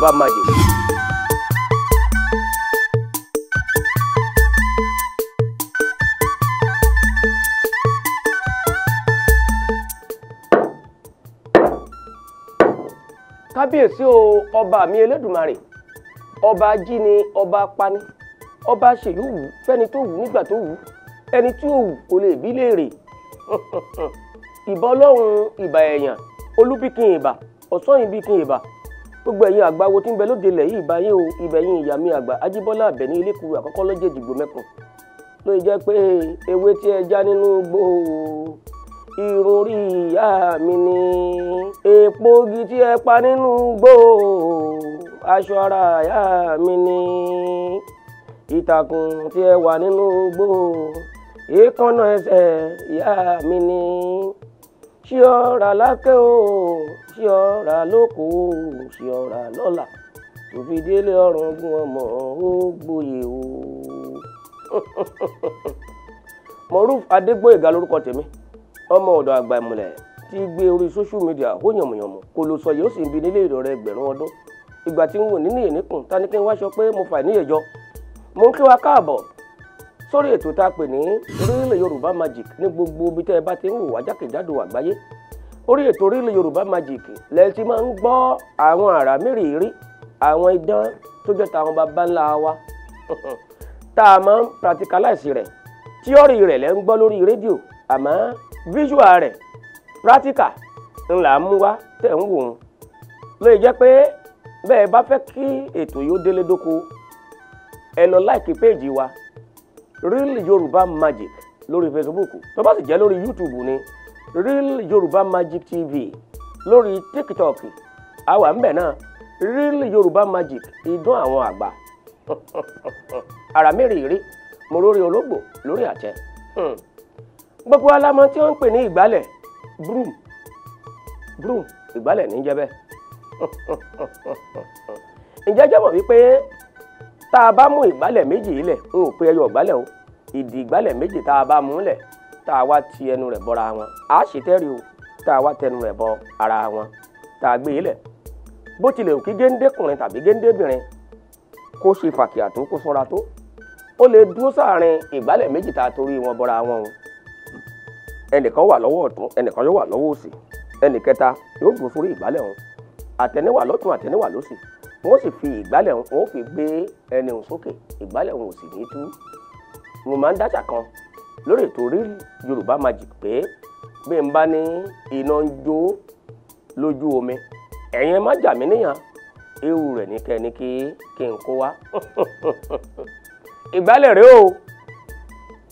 yorùbá máa jẹ. kábíyèsí o ọba mi elédùnmarè ọba jíni ọba pani ọba ṣèlú wù fẹ́ni tó wù nígbà tó wù ẹni tí ò wù kò lè bí léèrè ìbọn ọlọ́run ìbà èèyàn olúbíkin ìbà ọ̀sán ìbíkin ìbà gbogbo ẹ̀yin àgbáwo tí ń bẹ lóde ilẹ̀ yìí báyé o ibẹ̀ ìyá mi àgbà ajíbọ́lá àbẹ̀ní ilékuru àkọ́kọ́ lọ́jẹ́ ìdìgbò mẹ́kàn ló jẹ́ pé ewé tí ẹ já nínú gbò irun orí ìyá mi ni èèpo igi tí ẹ pa nínú gbò aṣọ ara ìyá mi ni ìtàkùn tí ẹ wà nínú gbò èékánná ẹsẹ̀ ìyá mi ni. ṣí ọ̀rà lákẹ́ o ṣí ọ̀rà lóko o ṣí ọ̀rà lọ́la tó fi délé ọ̀run gún ọmọ ó gboyè o. Moruf ọmọ ọ̀dọ̀ àgbà ti gbé orí social media ó yànmùyànmù kò sọ sì ń bi nílé ìdọ̀ rẹ ẹgbẹ̀rún ọdún ìgbà tí wò nínú fà níyẹjọ mo ń kí wa sórí ètò tá a pè ní orílẹ̀ Yorùbá Magic ní gbogbo ibi tẹ́ ẹ bá ti ń wò wá jákèjádò àgbáyé orí ètò orílẹ̀ Yorùbá Magic lẹ ti máa ń gbọ́ àwọn àrà mérìírí àwọn idán tó jẹ́ tàwọn baba ńlá wa tá a máa ń practicalize rẹ̀ tíọ́rì rẹ̀ lẹ́ ń gbọ́ lórí rédíò àmọ́ visual rẹ̀ practical ńlá mú wá tẹ̀ ń wò ó lóye jẹ́ pé bẹ́ẹ̀ bá fẹ́ kí ètò yóò délé dóko ẹ lọ láìkí péèjì wa real yoruba magic lórí facebook tó bá sì jẹ́ lórí youtube ni real yoruba magic tv lórí tiktok àwa ń bẹ̀ náà real yoruba magic idán àwọn àgbà ara mi rèé mo lórí ológbò lórí àtẹ hmm. gbogbo alamọ tí wọ́n ń pè ní ìgbálẹ̀ broom broom ìgbálẹ̀ ní jẹ́ bẹ́ẹ̀ ǹjẹ́ jẹ́ mọ̀ wípé tá a bá mú ìgbálẹ̀ méjì yìí lẹ̀ n ò pe ẹyọ ìgbálẹ̀ o ìdì ìgbálẹ̀ méjì tá a bá mú lẹ̀ tá a wá ti ẹnu rẹ̀ bọ́ra wọn a sì tẹ́rì o tá a wá tẹnu rẹ̀ bọ ara wọn tá a gbé yìí e lẹ̀ bó tilẹ̀ òkí géńdékùnrin tàbí géńdébìnrin kó ṣe fàkìyà tó kó sọ́ra tó ó lè dúró sáàrin ìgbálẹ̀ méjì tá a torí wọn bọ́ra wọn o ẹnìkan wà lọ́wọ́ ọ̀tún ẹnìkan yóò wà lọ́wọ́ òsì ẹnìkẹta yóò wọ́n sì fi ìgbálẹ̀ òun ó fi gbé ẹni òun sókè ìgbálẹ̀ òun ò sì ní tú mo máa ń dáṣà kan lórí ètò Real Yorùbá Magic pé bí n bá ní iná ń jó lójú omi ẹ̀yin má jà mí níyàn ewu rẹ̀ ní kẹ́ni kí kí n kó wá ìgbálẹ̀ rèé o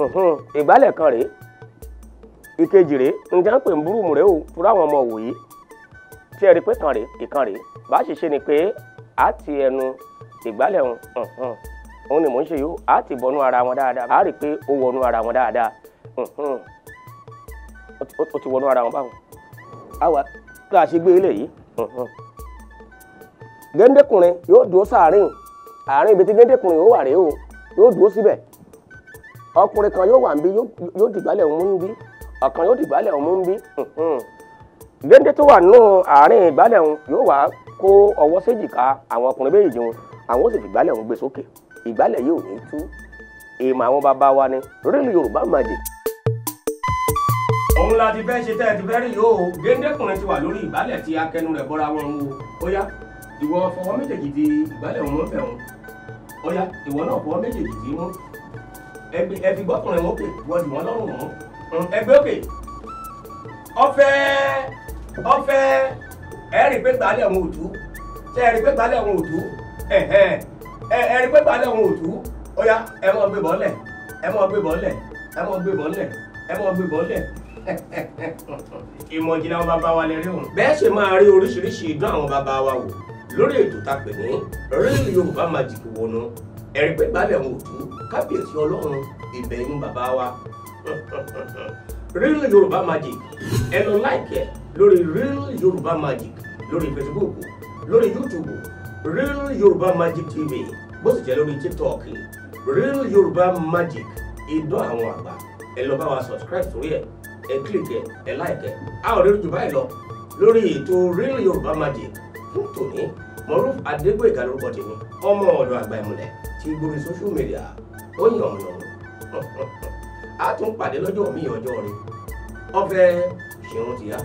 ìgbálẹ̀ kan rèé ìkejì rèé nǹkan pè ń búrúmù rèé o fúra àwọn ọmọ wòye tí ẹ rí pé kan rèé ìkan rèé bá ṣe ṣe ni pé àti ẹnu ìgbálẹ̀ ọ̀hún òun ni mò ń ṣe yìí á ti bọnú ara wọn dáadáa á rí i pé ó wọnú ara wọn dáadáa ó ti wọnú ara wọn báwọn àwa tá a ṣe gbé eléyìí géńdékùnrin yóò dúró sáàárín àárín ibi tí géńdékùnrin yóò wà rèé o yóò dúró síbẹ̀ ọkùnrin kan yóò wà ń bí yóò dìgbálẹ̀ òun mú ń bí ọ̀kan yóò dìgbálẹ̀ òun mú ń bí géńdé tó wà nù àárín ìgbálẹ̀ òun yóò wà kó ọwọ́ séjìká àwọn ọkùnrin méjèèjì wọn àwọn ó sì fi ìgbálẹ̀ wọn gbé sókè ìgbálẹ̀ yìí ò ní tú èèmọ̀ àwọn bàbá wa ni rírì Yorùbá Magic. òun la ti fẹ́ ṣe tẹ́ ẹ ti fẹ́ rí yóò géńdékùnrin ti wà lórí ìgbálẹ̀ tí akẹnu rẹ̀ bọ́ra wọn wo ó yá ìwọ fọwọ́ méjèèjì ti ìgbálẹ̀ wọn fẹ̀ wọn ó yá ìwọ náà fọwọ́ méjèèjì ti mú ẹ fi gbọ́kùnrin wọn pè wọ́n jù wọ́n lọ́rùn wọn ẹgbẹ́ òkè ọ̀fẹ́ ọ̀fẹ́ ẹ rí i pé gbálẹ̀ wọn ò tú ṣe ẹ rí i pé gbálẹ̀ wọn ò tú ẹ ẹ rí i pé gbálẹ̀ wọn ò tú ó yá ẹ mọ̀ gbé bọ́ọ̀lẹ̀ ẹ mọ̀ gbé bọ́ọ̀lẹ̀ ẹ mọ̀ gbé bọ́ọ̀lẹ̀ ẹ mọ̀ gbé bọ́ọ̀lẹ̀ ìmọ̀ ìjìnlẹ̀ àwọn bàbá wa lè rí òun. bẹ́ẹ̀ ṣe máa rí oríṣiríṣi ìdán àwọn bàbá wa wò lórí ètò tá a pè ní rédíò yorùbá magic wọnú ẹ̀rí pé gbálẹ̀ wọn ò tú kábíyèsí ọlọ́run ìbẹ̀yìn bàbá wa real yorùbá magic ẹ lọ láìkẹ lórí real yorùbá magic lórí Facebook lórí YouTube Real Yoruba Magic TV bó sì jẹ́ lórí TikTok Real Yoruba Magic idán àwọn àgbà ẹ lọ bá wa subscribe sórí ẹ ẹ click ẹ ẹ like ẹ a ò rí jù báyìí lọ lórí ètò Real Yoruba Magic fún tòní Moruf Adégbóyèga lórúkọ tèmi ọmọ ọ̀dọ̀ àgbà ìmùlẹ̀ ti gbórí social media ó yàn yàn a tún pàdé lọ́jọ́ mi ọjọ́ rẹ ọ̀fẹ́ ṣeun ti yá.